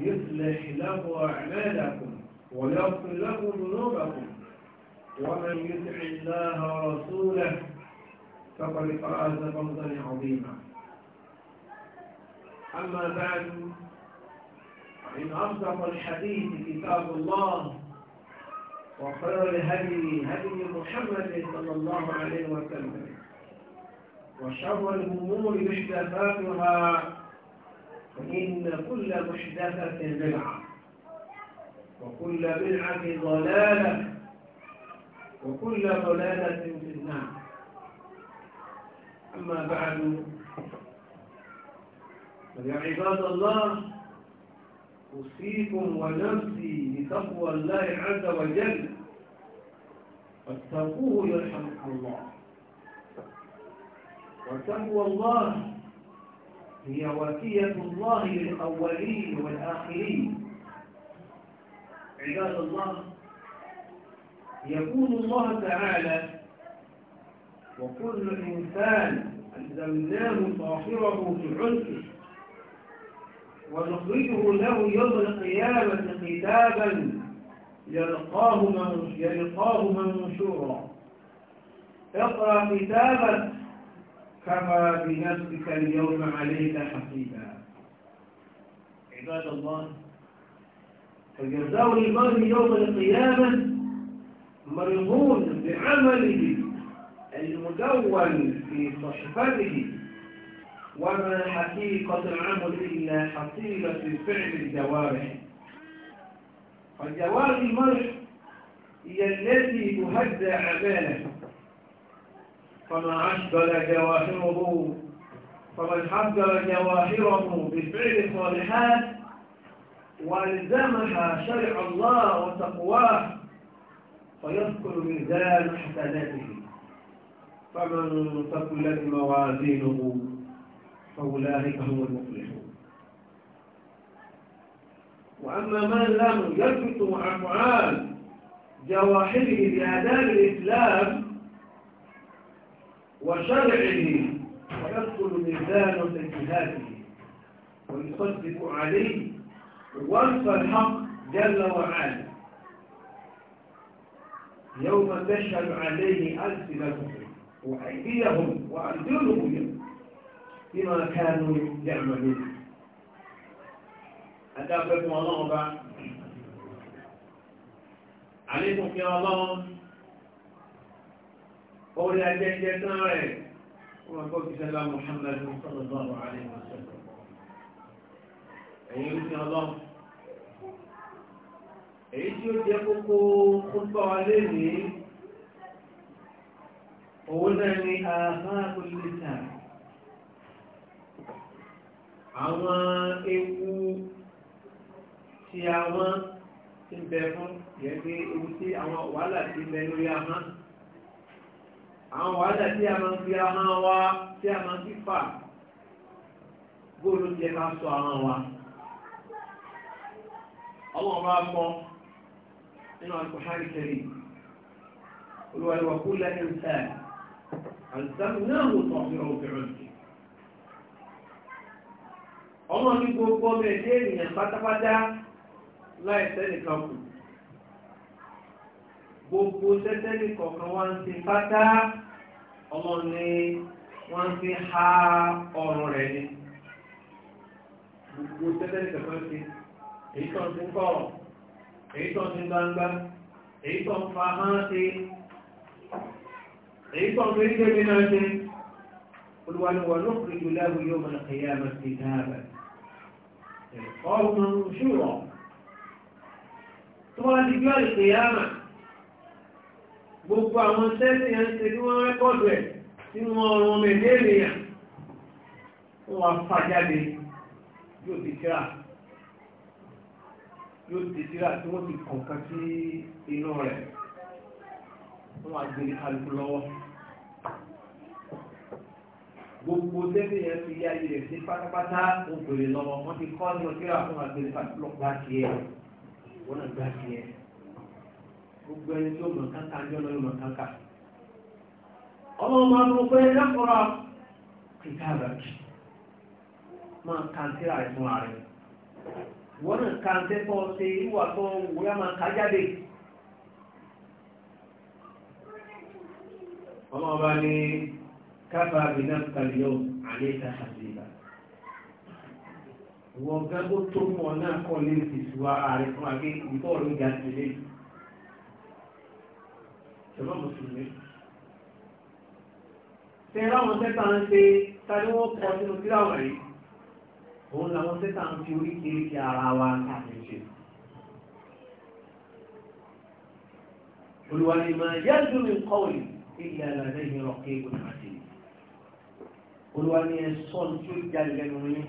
يصلح له أعمالكم ويغفر له ذنوبكم ومن يطع الله ورسوله فقد فاز فوزا عظيما أما بعد فإن أصدق الحديث كتاب الله وخير الهدي هدي محمد صلى الله عليه وسلم وشر الأمور محدثاتها فإن كل محدثة بدعة وكل بدعة ضلالة وكل ضلالة في النار أما بعد فيا عباد الله أوصيكم ونفسي بتقوى الله عز وجل فاتقوه يرحمكم الله وتقوى الله هي وفية الله للأولين والآخرين عباد الله يكون الله تعالى وكل إنسان ألزمناه صاحبه في عنقه ونخرجه له يوم القيامة كتابا يلقاه منشورا اقرأ كتابك كفى بنفسك اليوم عليك حسيبا عباد الله فجزاء المرء يوم القيامة مرضون بعمله المدون في صحفته وما حقيقة العمل إلا حصيلة فعل الجوارح فالجوارح المرء هي التي تهدى عباده فما أشبل جواهره فمن حذر جواهره بفعل الصالحات والزمها شرع الله وتقواه فيذكر ميزان حسناته فمن ثقلت موازينه فأولئك هم المفلحون وأما من لم يثبت أفعال جواهره بآداب الإسلام وشرعه ويدخل ميزان تجهاته ويصدق عليه وصف الحق جل وعلا يوم تشهد عليه ألسنتهم وأيديهم وأرجلهم بما كانوا يعملون أتابعكم الله بعد عليكم يا الله orí ajẹ́jẹ́ tán rẹ̀ wọ́n kọ́ fi sẹ́lá Muhammad sallallahu alaihi wasallam ẹ̀yìn orí ọlọ́run èyí tí ó jẹ́ kókó kópa wa lénìí òun náà ni àhán olùdíjà àwọn ewu tí àwọn ti ń bẹ fún yẹ pé ewu tí àwọn wàhálà ti ń bẹ lórí ahán àwọn wàhálà tí a máa ń fi ahọ́n wa tí a máa ń fi fà bóòlù jẹ ká sọ wa ọlọ́run bá kọ́ nínú àkùhárí kẹrì olùwàlúwà kú lẹ́yìn sẹ́ àlùsàmù náà wò sọ fún ọ̀fẹ́rẹ́ sí ọmọ ní gbogbo ọmọ ẹ̀dẹ́ ènìyàn pátápátá láì sẹ́nìkan gbogbo tẹ́tẹ́lì kọ̀ọ̀kan wá ń ti pátá ọmọ ni wọ́n ń fi ha ọrùn rẹ̀ ni gbogbo tẹ́tẹ́lì kọ̀ọ̀kan ti èyí tó ń ti kọ̀ èyí tó ń ti gbangba èyí tó ń fa hán ti èyí tó ń fi débi náà ti olùwàlúwà ló kiri jù láwùjọ yóò máa kẹyà máa ti náà bẹ̀ ṣùgbọ́n tó wá di bí ọ̀rùn kẹyà máa gbogbo àwọn tẹ́sì ẹ̀ ń se tí wọ́n rẹ́kọ̀dù ẹ̀ sínú ọrùn ọmọ ẹ̀dẹ́ ènìyàn ó wá fà jáde yóò ti tíra yóò ti tíra tí wọ́n ti kọ̀ọ̀kan sí inú rẹ̀ wọ́n wá gbé kálukú lọ́wọ́ gbogbo tẹ́sì ẹ̀ fi yá ilé sí pátápátá ó lọ́wọ́ wọ́n ti kọ́ ní ọtíra fún àgbèrè kálukú lọ́gbà tiẹ̀ wọ́n náà gbà tiẹ̀. gbogbo ẹni tí ó mọ̀ káńkà ní ọ̀nà ìmọ̀ káńkà ọmọ máa ẹni lẹ́kọ̀ọ́ kìkà rẹ̀ máa kàǹtì rẹ̀ ààrẹ wọ́n náà kàǹtì pọ̀ ṣe ìwà tó máa ọmọ ní kábà bìnà kàlíọ̀ àlẹ́ ìtàkàsílà wọ́n gbàgbó tó mọ̀ náà kọ́ ìsìsú ìmọ̀ mùsùlùmí. ṣe ráwọn tẹ́ta ń ṣe tàbí wọ́n kọ sínú síláwọ̀ rí òun làwọn tẹ́ta ń fi oríkèéríkè ara wa káàkiri ṣe. olùwàlẹ̀ máa yájú mi kọ́wé ilé àlàyé yìí rọ̀ kí egbò náà ṣe. olùwàlẹ̀ ẹ̀ sọ ní tí ó jáde lẹ́nu yín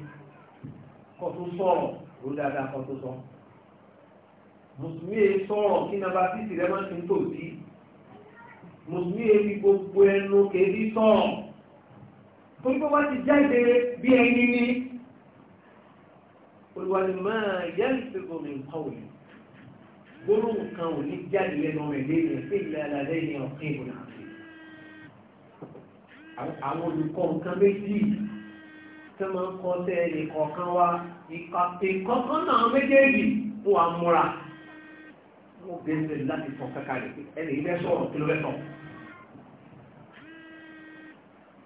kọ́ tó sọ̀rọ̀ ló dáadáa kọ́ tó sọ. mùsùlùmí yẹn sọ̀rọ̀ kí nàbà títì rẹ̀ máa ń tòótì mùsùlùmí ebi gbogbo ẹnu kèébí sọ̀rọ̀ torí pé wọ́n ti jáde bí ẹni ní olùwàlì máa yẹ́lì pé omi nǹkan wò ní gbóló nǹkan ò ní jáde lẹ́nu ọmọ ẹ̀dẹ́ yẹn pé ìlà alẹ́ yẹn ọ̀kan ìbò náà fi àwọn olùkọ́ nǹkan méjì tí wọ́n ń kọ́ tẹ́ ẹnì kọ̀ọ̀kan wá ìkọ̀ọ̀kan náà méjèèjì fún wa múra mo bẹ̀rẹ̀ láti sọ kankan rẹ̀ ẹnì ilé sọ̀rọ̀ kí ló fẹ́ sọ̀rọ̀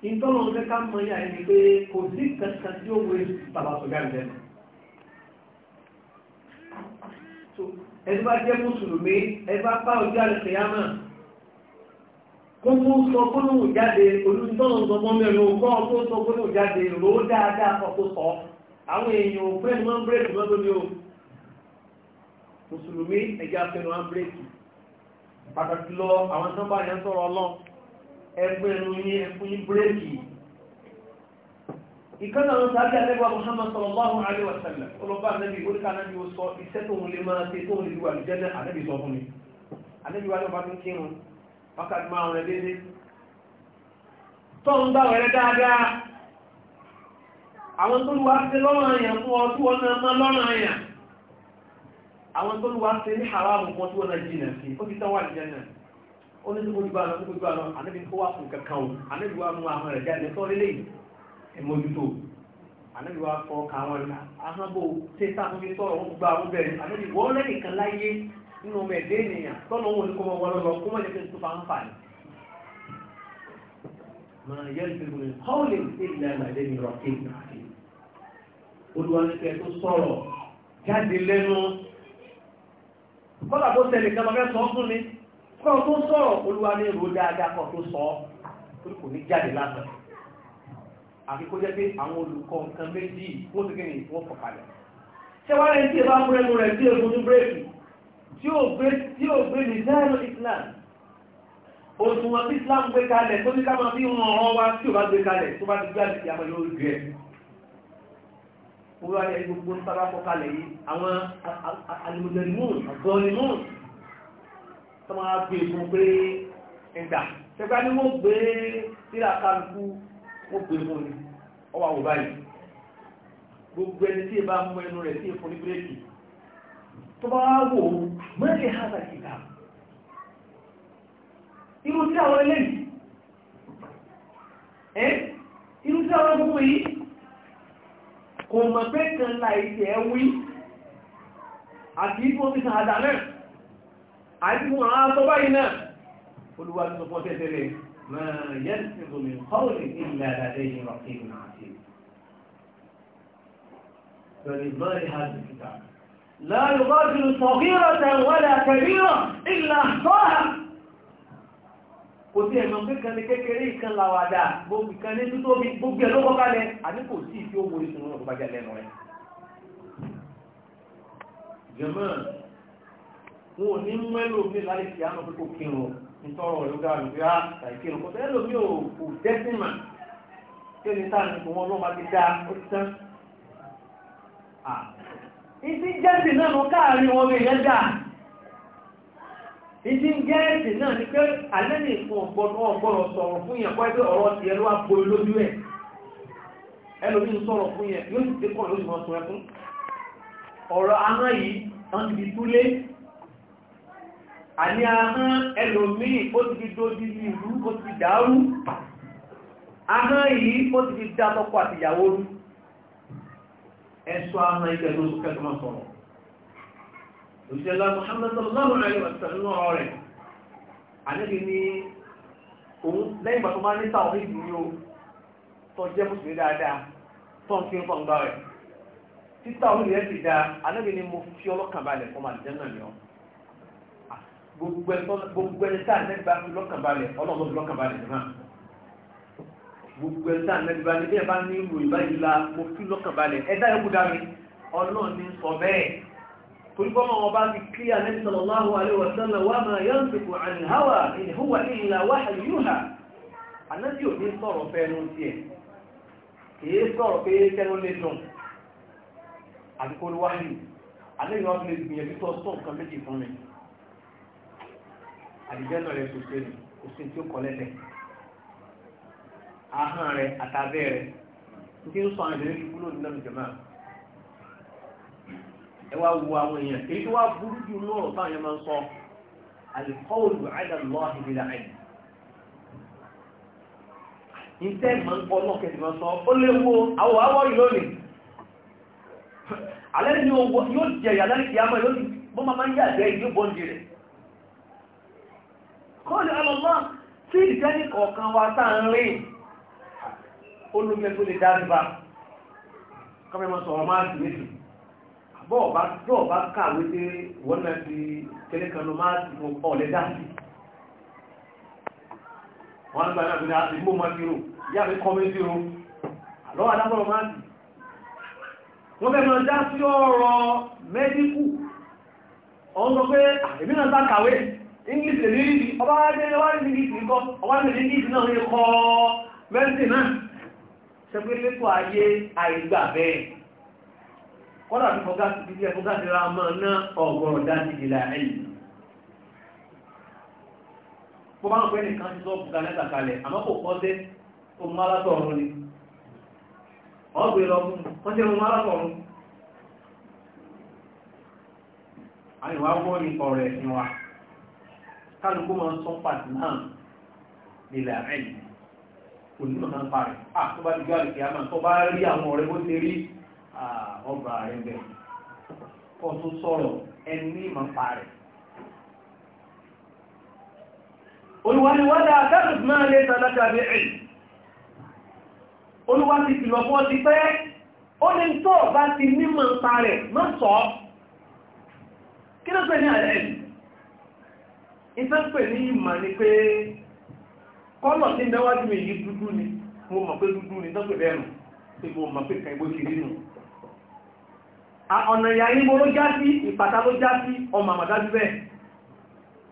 ìtọ́nà ọ̀fẹ́ ká mọ yà ẹni pé kò sí kankan tí ó wé bàbá sọ̀gá ìlẹ̀ ẹni bá jẹ́ mùsùlùmí ẹni bá bá ojú àlẹ́sẹ̀ yá náà kó mú sọ gbólóhùn jáde olùtọ́nà ọ̀sọ̀mọ́ mẹ́rin ogún ọkọ̀ sọ gbólóhùn jáde rò ó dáadáa ọkọ̀ sọ àwọn èèyàn ò bírèkì mọ́ bírèkì mọ́ lórí o mùsùlùmí ẹ̀jẹ̀ afẹ́nu á bírèkì pàtàkì lọ àwọn sábà yẹn sọ̀rọ̀ ọlọ́run ẹgbẹ̀rún yín ẹkùn yín bírèkì ìkan náà sábẹ́ àlẹ́gbà Muhammad sallallahu alaihi wa sallam ọlọ́pàá anábì oríkà anábì ó sọ iṣẹ́ tó ń máa ṣe tó ń lè lu àlùjẹ́lẹ̀ anábì sọ fún mi anábì wa ló bá tún kírun wákàtí máa rẹ̀ ó ní sọ́kòjú bá lọ sọ́kòjú bá lọ ànábi kó wá fún kankan o ànábi wá mú ahọ́n rẹ̀ jáde sọ́ lélẹ̀ ẹ̀mọ́jútó ànábi wá fọ́ ka wọn ní ahọ́nbó ṣe sáfún mi sọ̀rọ̀ wọn gba àwọn bẹ̀rẹ̀ ànábi wọ́n lẹ́yìn kan láyé nínú ọmọ ẹ̀dẹ́ ènìyàn tọ́nà òun ni kò mọ wọlọ́lọ́ kó mọ̀ jẹ́ pé tó máa ń fà ní. mà yẹ ìgbìmọ̀ ní họ́ọ̀lì kọ́ tó sọ̀rọ̀ olúwa ní èrò dáadáa kọ́ tó sọ torí kò ní jáde lásán àfi kó jẹ́ pé àwọn olùkọ́ nǹkan méjì wọ́n ti kéde ìfowó pọ̀kalẹ̀ ṣé wàá rẹ̀ tí ẹ bá mú ẹnu rẹ̀ tí egun ní bírèkì tí ò gbé tí ò gbé ní zero Islam òṣùwọ̀n tí Islam gbé kalẹ̀ tó ní ká máa fi hàn ọ́ wá tí ò bá gbé kalẹ̀ tó bá ti gbé àti ìyàmọ̀ yóò gbé ẹ̀ olúwa ní gbogbo ń sábà pọ̀kalẹ̀ yìí àwọn alùmọ̀dẹ̀rìmọ́ọ̀n àgọ́ọ̀nìmọ́ọ̀n tó máa gbé e fún pé ẹgbà tẹgbà ní wọ́n gbé sílá kálukú wọ́n gbé fún ni ọ wà wò báyìí gbogbo ẹni tí ì bá mú ẹnu rẹ̀ sí ìfún ní bírèkì tó bá wò ó mẹ́rin hàzà kìkà irú tí àwọn eléyìí ẹ́ irú tí àwọn gbogbo yìí kò mọ̀ pé kan láì tẹ̀ wí àti ìfún ti àìsùn àwọn sọ báyìí náà olúwa tó fọ́ tẹ́tẹ́rẹ́ máa yẹ́ ìgbòmí kọ́ọ̀lì ilẹ̀ àdáyé rọ̀kì náà sí فلله هذا الكتاب لا يغادر صغيرة ولا كبيرة إلا أحصاها kò sí ẹ̀mọ̀ pé kan ní kékeré ìkan làwà dáa gbogbo kan ní tútó bí gbogbo ẹ̀lọ́kọ́ kalẹ̀ àní kò sí ìfí ó wọlé fún ọgbàjá lẹ́nu rẹ̀ jẹ́mọ́ wọn ò ní mú ẹlòmí láti fi àánú pé kò kírun nítorọ̀ ọ̀rẹ́ ọ̀gá rẹ̀ bíi ah, àtàì kírun kò tẹ́lẹ̀ lómi ò kò dẹ́sìmà kéde táà ní ìfowó ọlọ́mọ ti dá ó ti tán. Ah. ìdí jẹ́sì náà ló káàárín wọn bí ìyẹn dà ìdí jẹ́sì náà ni pé alẹ́ ní ìfún ọ̀gbọ́dọ̀ sọ̀rọ̀ fún yẹn kọ́ ẹgbẹ́ ọ̀rọ̀ tiẹ̀ ló wá borí lójú ẹ̀ ẹlòmí ń sọ̀rọ̀ fún yẹn yóò ti dé kọ́ ọ̀rọ̀ àní ahán ẹlòmíì ó ti fi dójú ìlú ó ti fi dàárú ahán yìí ó ti fi dá tọ́kọ àtìyàwó rú ẹ̀ṣọ́ ahán ilẹ̀ lóṣù kẹ́kọ̀ọ́ sọ̀rọ̀ òṣèlú Muhammad sallallahu alaihi wa sallam ọ̀rẹ́ àníbi ni òun lẹ́yìn ìgbà tó máa ní sáwọn ìlú ni ó tó jẹ́ mùsùlùmí dáadáa tó ń kí ń fọ́n gbá rẹ̀ títà òun yẹn ti dáa àníbi ni mo fi ọlọ́kàn balẹ̀ fún màdìjẹ́ náà ni ọ́ gbogbo ẹni tá ànẹ́bí bá fi lọ́kàn balẹ̀ ọlọ́run fi lọ́kàn balẹ̀ náà gbogbo ẹni tá ànẹ́bí bá ní bí ẹ bá ní ìròyìn báyìí la mo fi lọ́kàn balẹ̀ ẹ dá ẹkú dáre ọlọ́run ní sọ bẹ́ẹ̀ torí bọ́ mọ́ wọn bá fi kí ànẹ́bí sallallahu alaihi wa sallam wa ma yantiqu anil hawa in àdìjẹ́nà rẹ̀ kò sí o sí tí ó kọ́ lẹ́sẹ̀ ahọ́n rẹ̀ àtàbẹ́ rẹ̀ nítorí ó sọ àwọn ìdílé kíkú lónìí lọ́nà jẹ̀mọ́ ẹ wá wo àwọn èèyàn èyí tó wá burú jù ní ọ̀rọ̀ táwọn yẹn máa ń sọ alikọ́ọ̀lù àdàlọ́ ìbílẹ̀ àìní ìtẹ́ ìmọ̀ ń pọ̀ náà kẹsì máa sọ ó léwu àwọ̀ àwọ̀ ìlónìí alẹ́ ni yóò jẹ ìyàlẹ́ yóò bọ́ máa ń yà kọ́ọ̀lù alọ́lá tí ìjẹ́ni kọ̀ọ̀kan wa tá ń rí olùgbẹ́ lè dáríba kọ́mẹ́ mọ́ sọ̀rọ̀ máa méjì bọ́ọ̀ bá kàwé wọ́n náà kan máa sì mọ́ ọ̀lẹ́ dáàbì wọ́n gbà náà gbìyànjú àti english lè rí ibi ọba ajẹ́ ọwá ní english nìkọ́ ọwá ní english náà náà sẹpẹ́lẹ́pọ̀ ayé àìgbà bẹ́ẹ̀ kọ́lá bí fọ́gá ti bí fọ́gá ti ra máa ná ọ̀gọ̀rọ̀ dájú ìlà ẹ̀yìn wa kálukú máa ń sọ pàtì náà nílẹ̀ àmẹ́lì onímọ̀ máa ń parẹ̀ à tó bá ti gbọ́ àlùkí àmà tó bá rí àwọn ọ̀rẹ́ bó ti rí ọgbà rẹ̀ bẹ̀ kọ́ tó sọ̀rọ̀ ẹni máa ń parẹ̀. olùwàlúwàlá àtàkùn máa lè sọ látàbí ẹ̀ olùwà ti kìlọ̀ fún ọ ti pẹ́ ó ní tó bá ti mímọ̀ ń parẹ̀ má sọ kí ló pẹ́ ní àlẹ́ yìí ìtànpẹ̀ ní ìmọ̀ ni pé kọ́lọ̀ ní mẹ́wàájú mi yìí dúdú ni mo mọ̀ pé dúdú ni tọ́pẹ̀ bẹ́ẹ̀rù pé mo mọ̀ pé kàìbó ṣe rí ọ̀nà ìyá yìí mo ló já sí ìpàtà ló já sí ọmọ àmàdájú bẹ́ẹ̀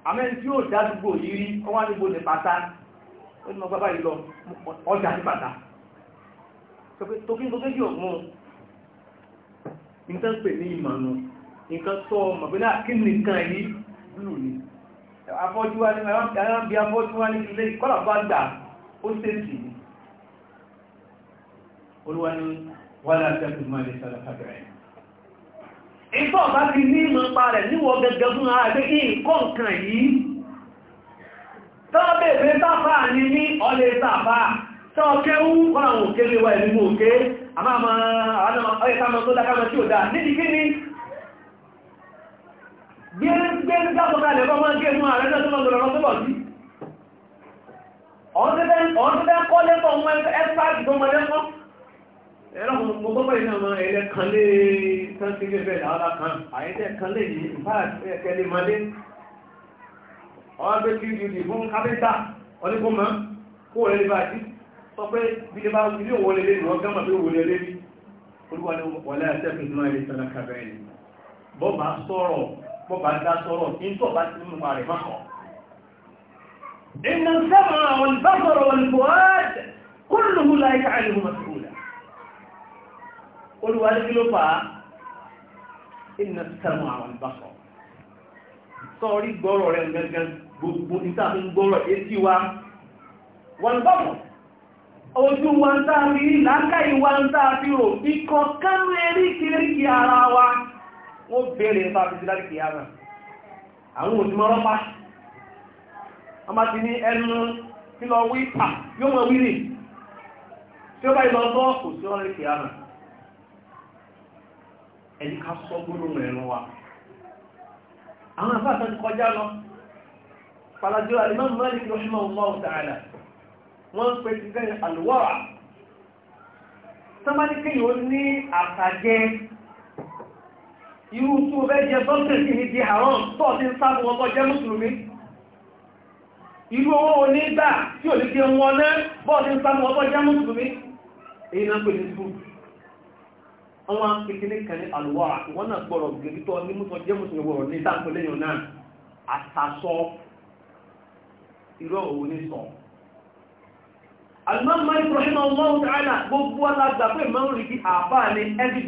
àmẹ́ni tí ó dádúgbò yìí rí ọwá níbo ní pàtà ó ní mọ bábá yìí lọ ọjà afọ́jú wá ní ẹran bí afọ́jú wá ní ilé kọ́lá bá gbà ó sèǹtì olúwa ní wàlá àtẹ́kùn máa lè sọ́lá fàbẹ̀rẹ̀ ìfọ́ bá ti ní ìmọ̀ pa rẹ̀ níwọ̀ gẹ́gẹ́ fún ara pé kí nǹkan kan yìí tọ́ bèbè sáfà ní ní ọlẹ́ sáfà tọ́ kéwú kọ́lá òkèlè wà ìlú òkè àmà àmà ọ̀yẹ́ká mọ́ tó dákámọ́ tí ò dáa nídìí kí ni gbé gbásọ̀kalẹ̀ bọ́ máa gé mú ààrẹ náà tó máa lọ́rọ̀ tó bọ̀ sí ọ̀ọ́dẹ́dẹ́ kọ́ lẹ́kọ̀ọ́ mọ́ ẹ́sàájì tó mọ́ lẹ́kọ́ ẹ̀rọ mo gbọ́gbọ́ iná ma ẹ̀lẹ́ kan lé sáńtílé bẹ́ẹ̀ lára kan àyẹ́tẹ́ kan lè ní ìfáàkẹ́lẹ́ mọ́lé ọwọ́ pé kí ìdí fún kápẹ́ntà ọdínkùnmọ́ kó rẹ̀ lébà sí sọ pé bí lébà ilé òwò lélé ni wọ́n gánmà pé bọ́ bá dá sọ́rọ̀ nítorí bá ti mú rẹ̀ má kọ̀. iná sẹ́mà wọn bá sọ̀rọ̀ wọn kò á kúrò mú láyé káàlì mú màsíkú la. olùwárí kí ló fà wọn bá sọ̀rọ̀. sọ́ọ̀rí tàbí lákàí wa ń tàbí rò ikọ̀ ara wa. wọ́n bèèrè nípa àti ìdílá ìkìyà náà àwọn òsìmọ́ ọlọ́pàá a bá ti ní ẹnu kí lọ wí pà yóò mọ̀ wí rì tí ó bá ìlọ tọ́ kò sí ọ̀rẹ́ ìkìyà náà ẹni ká sọ gbólóhùn ẹ̀rọ wa àwọn àfáàfẹ́ ti kọjá lọ pàlàjọ irú tí ó fẹ́ jẹ sọ́tẹ̀sì ní ti àwọn tọ́ ti ń sáàbù wọn kọ́ jẹ́ mùsùlùmí irú owó onígbà tí ò ní fi wọn náà bọ́ ti ń sáàbù wọn kọ́ jẹ́ mùsùlùmí èyí náà pè ní sùúrù àwọn akékeré kan ní àlùwà wọn náà gbọ́rọ̀ gẹ̀gítọ́ ní mú sọ jẹ́ mùsùlùmí wọ̀rọ̀ ní sáàpẹ̀lẹ́yìn náà àtàsọ gbogbo alágbàpẹ́ mọ́rin bí àbáà ní ẹbí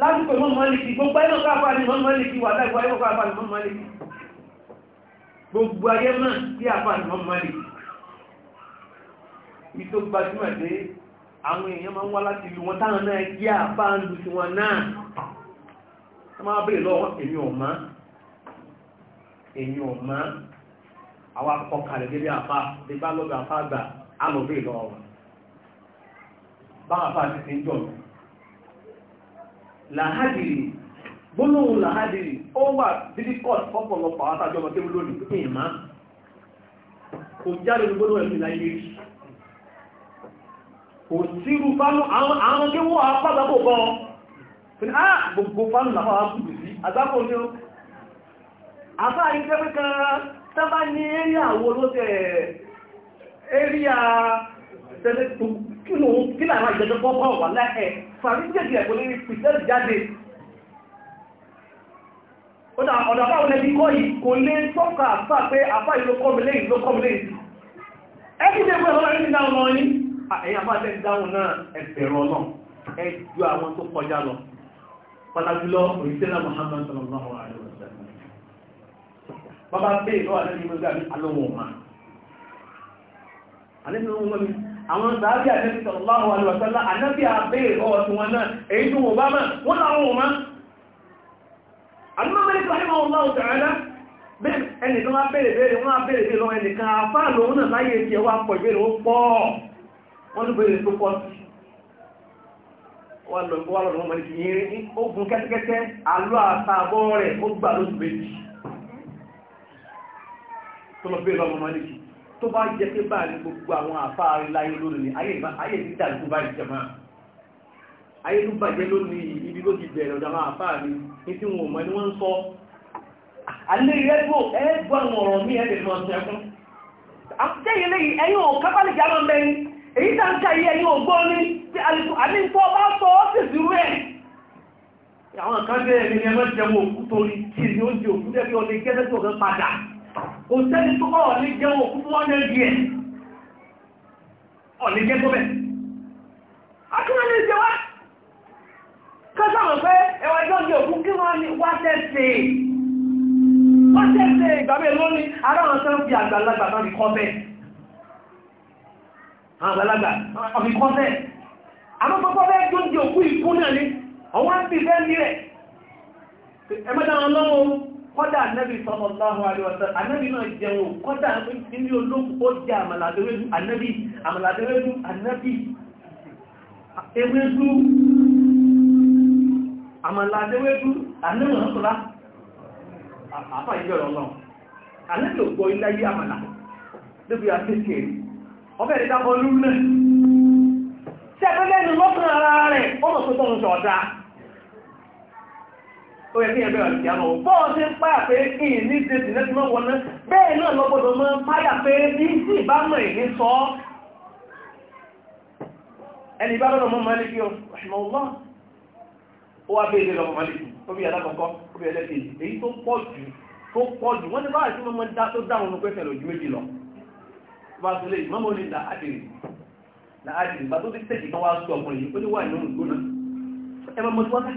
lásìkò mọ́ mọ́lìkì gbogbo ẹ̀nà káàkọ́ àti mọ́ mọ́lìkì wà láìpọ̀ ẹ̀nà káàkọ́ àti mọ́ mọ́lìkì gbogbo ayé mọ́ sí àpá àti mọ́ mọ́lìkì ìtò gbajúmọ̀ dé àwọn èèyàn máa ń wá láti ìlú wọn táwọn náà yí àpá ń lu sí wọn náà wọ́n máa bèèrè lọ́wọ́ èmi ọ̀má èmi ọ̀má àwọn akọ̀ kalẹ̀ débi àpá débá lọ́dọ̀ àpá àgbà á lọ bèèrè lọ́wọ́ báwọn àpá àti ti ń jọ̀ọ́ làhádìrì gbólóhùn làhádìrì ó wà difficult fọ́pọ̀lọpọ̀ àtàjọ ọmọ kébù lónìí pé ìmá kò jáde ní gbólóhùn ẹ̀mí láyé rí kò sírú fánú àwọn kéwọ́ apágbàbò gan fún á ah, gbogbo fánú làwọn akùdù sí àgbàkò ní ó àfáàrí pẹ́pẹ́ kan tábà ní eré àwọn eré tẹ́lẹ̀ tó kí ló ń kí làwọn ìjẹjọ bọ́ bọ́ wà láẹ̀ fàríjẹ́jì ẹ̀kọ́ lórí pìtẹ́lì jáde ọ̀dà ọ̀dà báwọn ẹbí kọ́ yìí kò lè tọ́ka àfà pé àfà ìlú kọ́mílẹ̀ ìlú kọ́mílẹ̀ ẹbí tẹ́ pẹ́ ọlọ́rin ti dáhùn lọ ní ẹ̀yà bá tẹ́ dáhùn náà ẹ̀bẹ̀rọ náà ẹ ju àwọn tó kọjá lọ pàtàkì lọ òyìnbó Muhammad sallallahu alaihi wasallam bàbá bẹ́ẹ̀ lọ́wọ́ alẹ́ àwọn ìgbàájì àtẹ́sí sallallahu alaihi wasallam ànábì àbẹ́rẹ̀ ọwọ́ tí wọn náà èyí tó wọ́n bá mọ̀ wọ́n láwọn wọ́n máa àdúgbàmẹ́lẹ́ tó hẹ́mọ̀ ọlá òtàrádá bẹ́ẹ̀ ẹnìkan wá bẹ̀rẹ̀ bẹ̀rẹ̀ wọ́n bẹ̀rẹ̀ bẹ̀rẹ̀ lọ́wọ́ ẹnìkan àfáà lòun náà láyé tí ẹwà pọ̀ ìbẹ̀rẹ̀ ó pọ̀ wọ́n ló bẹ̀rẹ̀ tó pọ̀ sí wọ́n lọ lọ́wọ́ mọ̀ ní ìrìn ogun kẹ́tẹ́kẹ́tẹ́ alọ́ àtàbọ̀ rẹ̀ ó gbà lóṣù méjì tó lọ bẹ̀rẹ̀ lọ́wọ́ mọ̀ ní tó bá jẹ pé báyìí gbogbo àwọn àfáàrí láyé lónìí ayé ti dà gbogbo báyìí jẹ máa ayé ló bàjẹ́ lónìí ibi ló ti bẹ̀rẹ̀ ọ̀dà àwọn àfáàrí ní tí wọn ò mọ̀ ni wọ́n ń sọ alẹ́ ìrẹ́gbò ẹgbọ́ àwọn ọ̀rọ̀ mi ẹ̀bẹ̀ mọ̀ sẹ́kún àtẹ́yẹ lẹ́yìn ẹ̀yìn ọ̀ká pálí kí a máa mẹ́rin èyí tá ń ká iye ẹ̀yìn ògbó ní tí àlìkọ́ bá sọ ọ́ sì sí rẹ̀ àwọn kan bẹ́ẹ̀ ni ẹmọ́ jẹun òkú torí tí ni ó di òkú dẹ́bí ọdẹ gẹ́gẹ́ tí ọ̀gá padà kò sẹ́ni tó bá ọ̀lẹ́ jẹ́ wọn fún wọn lẹ́rí ẹ̀ ọ̀lẹ́ jẹ́ tó bẹ̀. akínyàn lè jẹ́ wá kọ́sàmù pé ẹwà ìjọ ní òkú kí wọ́n ní wá tẹ́sẹ̀ wọ́n tẹ́sẹ̀ ìgbàmẹ́ lónìí ara wọn sọ fi àgbàlagbà náà fi kọ́ bẹ́ẹ̀ àgbàlagbà ọ̀fi kọ́ bẹ́ẹ̀ àmọ́ pọ́pọ́ bẹ́ẹ̀ tó ń di òkú ìkú náà ní ọwọ́n ń bì fẹ́ nílẹ̀ ẹ̀mẹ́ta wọn lọ́wọ́ kọ́dà anẹ́bì sallallahu alaihi wasallam anẹ́bì náà jẹun kọ́dà ní olóògùn ó jẹ àmàlàdéwédú anẹ́bì àmàlàdéwédú anẹ́bì ewédú àmàlàdéwédú anẹ́bì ọ̀sọ́lá àfà ìjọrọ̀ ọlọ́run anẹ́bì ògbọ́ ilé ayé àmàlà débi àtẹ́kẹ̀ẹ́ ọbẹ̀ ìdábọ̀ lúlẹ̀ ó yẹ kí ẹgbẹ́ ọ̀rẹ́ ìyàmọ̀ bọ́ọ̀ ṣe ń páyà pé kí n ní ṣe sì lẹ́sìn mọ́wọ́ náà bẹ́ẹ̀ náà lọ́gbọ́dọ̀ mọ́ páyà pé bí sí ìbámọ̀ ìní sọ ẹni bá lọ́dọ̀ mọ́ mọ́lẹ́kí ọ̀ṣùmọ̀ọ́lá ó wá bẹ́ẹ̀ lọ́mọ mọ́lẹ́kí ó bí alákọ̀ọ́kọ́ ó bí ẹlẹ́kejì èyí tó pọ̀ jù tó pọ̀ jù wọ́n ní báyìí tí mọ́mọ́ dá tó dáhùn pé fẹ̀lọ̀ ju méjì lọ bá tó lè mọ́mọ́ ní làádìrì làádìrì bá tó ti tẹ̀sí kan wá sọ ọkùnrin yìí ó ní wà nínú ìgbóná ẹ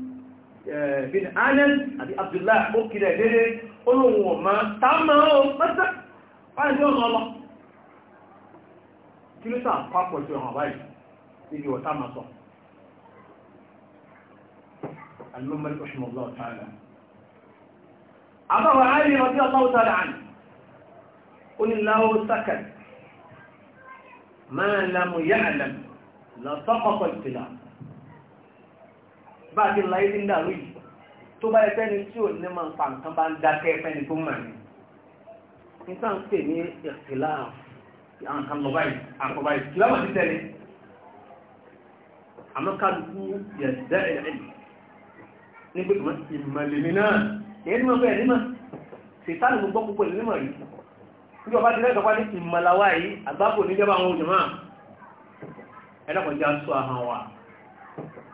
bin anas àti abdullahi ó kiri ẹ̀dẹ́rẹ́ olóhun ọ̀mọ́ táàmà ó pẹ́sẹ́ báyìí tí ó rán lọ kí ló sà pápọ̀ ìṣẹ́ ọ̀hàn báyìí níbi ọ̀tá máa sọ alimọ́mọ́lẹ́ ọ̀ṣun ọ̀lá ọ̀tá rẹ̀ àbáwọ̀ ayé ọdí ọ̀tá ọ̀tá rẹ̀ àná ó ní láwọ́ sákẹ̀ máa lamu yáàlẹ̀ lọ́sọ́kọ̀kọ̀ ìtìlá bá ti láyé ní dàrú yìí tó bá yẹ fẹ́ni tí ò ní máa ń pa nǹkan bá ń dákẹ́ fẹ́ni tó mọ̀ ní nǹkan pè ní ìfìlà àǹkan lọ báyìí àǹkan báyìí kí láwọn ti tẹ̀lé àmọ́ kálukú yẹ̀dẹ́ ẹ̀rẹ́ ní pé kìmọ̀ ìmọ̀lẹ̀ mi náà èyí ni mo bẹ̀rẹ̀ nímọ̀ sètánì mo gbọ́ púpọ̀ nímọ̀ rí níbi yìí níjọba àwọn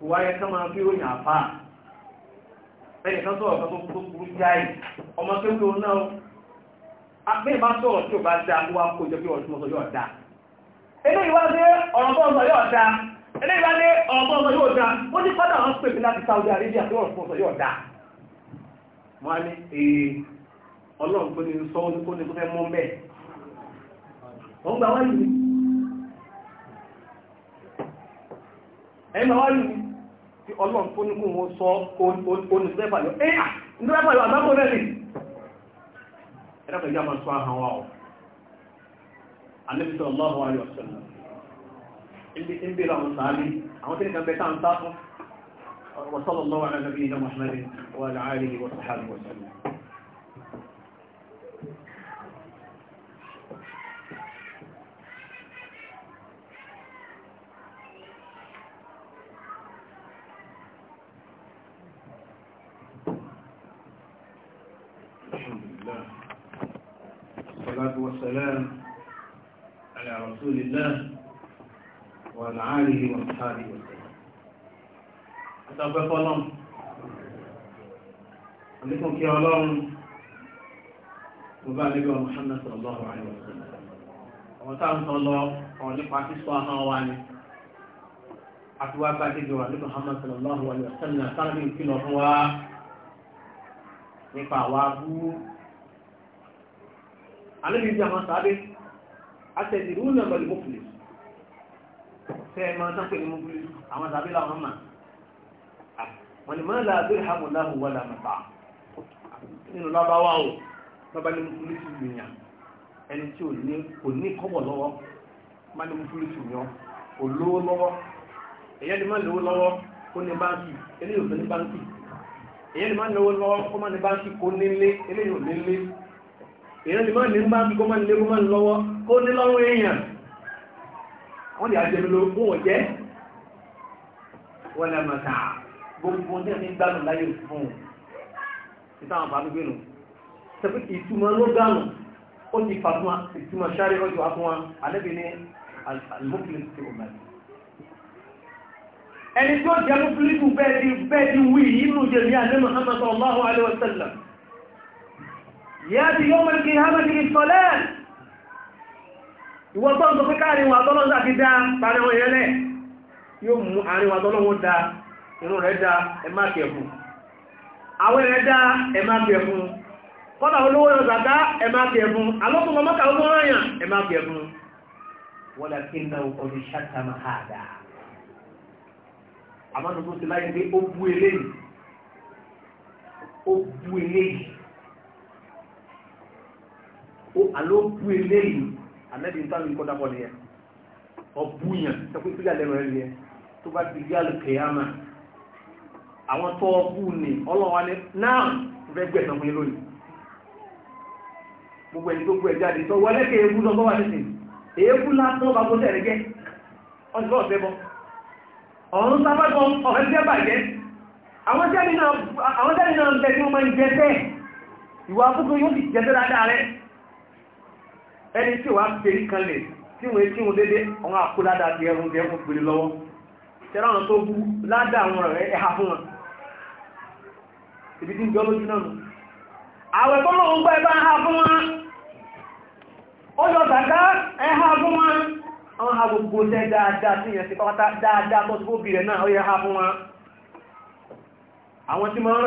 kò wáyé ká máa fi ròyìn àfà ẹnì kan sọ̀rọ̀ tó burú jáì ọmọ tó kí o náà abẹ́ bá sọ̀rọ̀ tí o bá dá ló wá kó jẹ́ pé ọ̀rọ̀ tí mo sọ yóò dá eléyìí wá dé ọ̀rọ̀ tó sọ yóò dá eléyìí wá dé ọ̀rọ̀ tó sọ yóò dá ó ní pátá àwọn pè mí láti Saudi Arabia pé ọ̀rọ̀ tó sọ yóò dá wọ́n á ní ee ọlọ́run tó ní sọ ó ní kó ní tó fẹ́ mọ́ mẹ́ẹ̀ tí ọlọ́run tó ní kún wọn sọ onídẹ́fàyọ ẹ́yà nígbàfàyọ àgbàkò rẹ̀ lè ẹ̀rẹ́fẹ̀ yá máa sọ àhàn wa ọ̀ alẹ́bìsọ̀ ọlọ́run ayọ̀ sọ̀nà الصلاة والسلام على رسول الله وعلى آله وأصحابه وسلم أتابع فلان عليكم كي أعلم مبارك محمد صلى الله عليه وسلم وتعالى صلى الله عليه وسلم àtiwá bá débi wà nípa Muhammad sallallahu alaihi wasallam sáà ní ìkìlọ̀ fún wa nípa àwa búrú alẹ́bí bí àwọn sáré àtẹ̀sìrú náà pẹ̀lú mọ́fìlì tẹ́ ẹ máa sáfẹ́ ní mọ́fìlì àwọn sáré làwọn mà ah, wọ́n ni máa láàbí ìhàmù láhùn wà lámàtà nínú lábáwá o lọ́ba ní mọ́fìlì sí gbìyàn ẹni tí ò ní kò ní kọ́bọ̀ lọ́wọ́ má ní mọ́fìlì sí yàn ò lówó lọ́wọ́ èyẹ́ ni má lówó lọ́wọ́ kó ní báńkì eléyìí ò ní báńkì èyẹ́ ni má lówó lọ́wọ́ kó má ní báńkì kó nílé eléyìí ò nílé èèyàn lè máa ní bá kí kọ́mọ́ nílé kọ́mọ́ lọ́wọ́ kó ní lọ́rùn èèyàn wọ́n lè àjẹ́ lọ fún ọ̀jẹ́ wọ́n lè mọ̀ tà gbogbo ní ẹni gbádùn láyé fún un ìtàwọn àbábígbé nù tẹ̀pí ìtumọ̀ ló gánù ó ti fà fún wa ìtumọ̀ sáré ọjọ́ fún wa alẹ́bí ní alùmọ́kìlì tí ó bàjẹ́ ẹni tó jẹ́ mú fúlíkù bẹ́ẹ̀ di wí nínú jẹ̀mí àdé Muhammad sallallahu alaihi wasallam يأتي يوم القيامة للصلاة ìwọ́n tó ń sọ pé káàrin wà tọ́lọ́ sáti dá parí wọn yẹlẹ̀ yóò mú àrin wà tọ́lọ́ wọn dá irun rẹ̀ dá ẹmá kẹfù àwọn rẹ̀ dá ẹmá kẹfù kọ́nà olówó ẹ̀rọ sàdá ẹmá kẹfù alọ́kùnmọ́ mọ́kà ó mọ́rán yàn ẹmá kẹfù wọ́n lè kí o bu eléyìí ànábi nípa mi kọ́dà bọ́ọ̀lù yẹn ọ̀bùyàn ẹkún sígá lẹ́nu ẹ̀ yẹn tó bá ti di àlùkìyàmà àwọn tó ọkú ni ọlọ́wà ní náà fẹ́ gbẹ̀sán fún yín lónìí gbogbo ẹni tó tó wọlé lọ nísìn bá àwọn náà ń máa ń ìwà ẹni tí wà ń perí kan lè tí wọ́n tí wọ́n dédé wọn àkó ládà ẹrùn jẹ́ pèrè lọ́wọ́ tẹ́rọ tó bú rẹ̀ ibi tí ń jọ lójú náà nù àwẹ̀ tó lóun gbọ́ ẹ̀bá fún wọn ó fún ha gbogbo tẹ́ dáadáa sí ìyẹn sí pátá dáadáa tó bìrẹ̀ ha fún wọn àwọn tí lọ́wọ́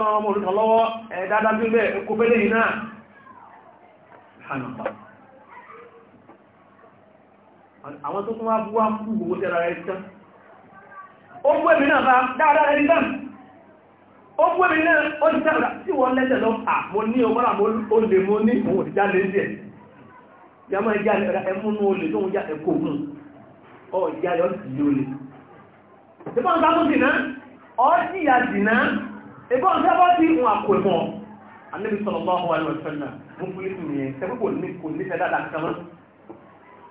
náà lọ́wọ́ ẹ̀ dáadáa àwọn tó tún wá bú wá mú gbogbo tẹ́ra rẹ̀ tán ó bú èmì náà bá dáadáa rẹ̀ tán ó bú èmì náà ó ti tẹ́ra tí wọ́n lẹ́tẹ̀ lọ àmọ́ ní ọmọ́ra ó lè mọ́ ní òun òdìjá lè ń jẹ́ yàmọ́ ẹjá ẹmúnú olè tó ń já ẹkọ òun ọ̀já yọ sí olè ìbọn sábọ́ sí náà ọ̀jì yà sí náà ìbọn sábọ́ sí òun àkó ẹ̀fọ́ Ànábì sallallahu alaihi wasallam mú fún ìsìn yẹn tẹ́kọ̀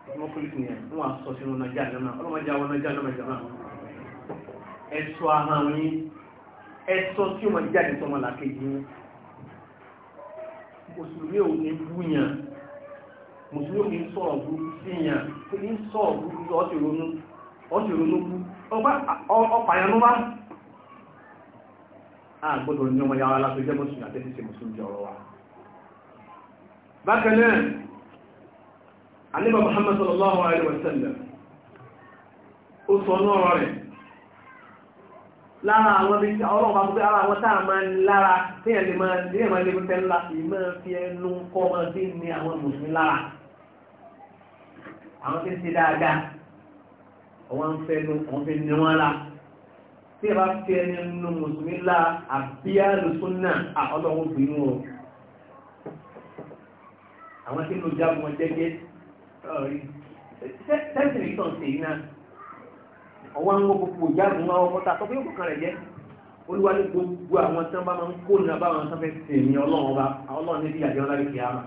democracy yẹn na á sọ sínú nàjà náà ọlọ́mọdé àwọn nàjà náà jàmá ẹ̀sọ́ ahọ́n yín ẹ̀sọ́ tí wọ́n jáde sọmọ mùsùlùmí ò ní mùsùlùmí sọ̀rọ̀ ní sọ̀rọ̀ ronú ronú ló bá ní ọmọ yàrá aláṣọ mùsùlùmí mùsùlùmí wa bákan alẹ́bà Muhammad sallallahu alaihi wasallam ó sọ náà rẹ̀ lára àwọn bí ọlọ́pàá tó pé ara àwọn táà máa ń lára tí ẹ̀ lè máa ní ẹ̀mà lè pẹ́ ńlá sí máa fi ẹnu kọ́ máa fi ní àwọn mùsùlùmí lára àwọn tí ń ṣe dáadáa àwọn ń fẹ́ nu kàn fi ní wọn lá tí ẹ bá fi ẹni nu mùsùlùmí lá àbíyá lùsùn náà ọlọ́run bínú o àwọn tí ń lo jágun jẹ́jẹ́ ọ̀rí tẹ́sí ní tàn sí iná ọwọ́ ń wọ́n gbogbo ìyáàbù máa wọ́n mọ́ta tó fi yóò kàn rẹ̀ jẹ́ olúwa ní gbogbo àwọn tí wọ́n bá máa ń kó nínú abáwọn tó fẹ́ sè mí ọlọ́run ọba ọlọ́run níbi àjẹ́ ọlá lè fi àmà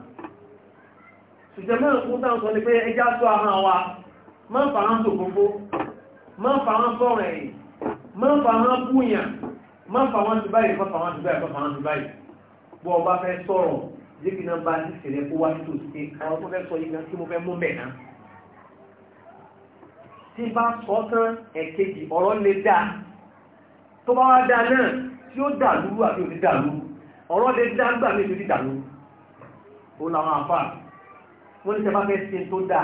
ṣùgbọ́n mẹ́rin fún sọ ni pé ẹjá tó ahọ́n wa máa ń fa tó gbogbo máa ń fa fọ́ọ̀rọ̀ ẹ̀yìn máa ń fa búyàn máa ń fa àwọn báyìí máa ń fa àwọn báyìí jẹ́ kí nọ́mbà ní ìṣẹ̀lẹ̀ kó wá tó ṣe àwọn tó fẹ́ sọ yìí kí mo fẹ́ mú mẹ́ náà tí bá sọ tán ẹ̀kejì ọ̀rọ̀ lè dá tó bá wá dá náà tí ó dà lúrú àti òní dà lúrú ọ̀rọ̀ lè dá gbà méjì ní dà lúrú ó làwọn àfà wọ́n ní sẹ́fà fẹ́ ṣe tó dá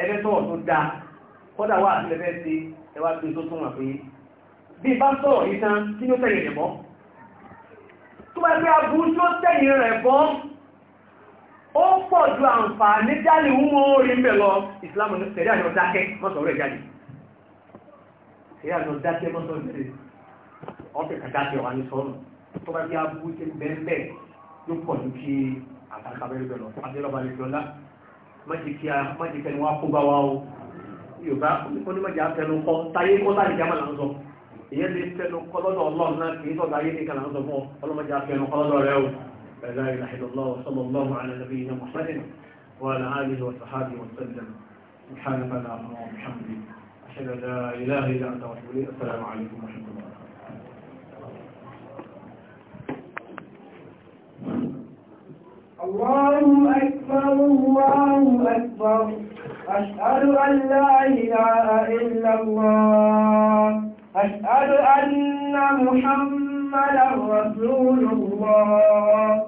ẹgbẹ́ sọ̀rọ̀ tó dá kọ́dà wà àti ẹgbẹ́ ṣe ẹwà gbé e tó tún wà pé bí bá sọ̀rọ̀ yìí tán kí ló tó bá gbé agbú tí ó tẹ̀yìn rẹ̀ bọ́ ó pọ̀ ju àǹfààní jáde wúwo orí ń bẹ̀ lọ ìsìlámù tẹ̀lé àjọ dákẹ́ mọ́sọ̀rọ̀ ẹ̀ jáde tẹ̀lé àjọ dákẹ́ mọ́sọ̀rọ̀ ẹ̀ ọ̀fẹ́ kàdákẹ́ wà ní sọ́run tó bá gbé agbú tí bẹ́ẹ̀ bẹ́ẹ̀ yóò pọ̀ ju kí àtàkàbẹ́rẹ́ bẹ̀ lọ adélọ́ba lè jọlá mọ́jì kẹni wá kó bá wa o Yorùbá onímọ̀jà fẹnu kọ́ táyé kọ́ láti jámà là ń sọ ìyẹn lè fẹnu kọlọ́dọ̀ ọlọ́run náà kì í sọ̀dọ̀ ayé nìkan àwọn ọmọ ọlọ́mọdé afẹnu kọlọ́dọ̀ rẹ o la ilaha illallah wa sallallahu ala nabiyyina muhammadin wa ala alihi wa sahbihi wa sallam subhanaka la ilaha illa anta bihamdika ashhadu an la ilaha illa anta wa atubu ilayk assalamu alaykum wa rahmatullahi الله أكبر الله أكبر أشهد أن لا إله إلا الله أشهد أن محمدا رسول الله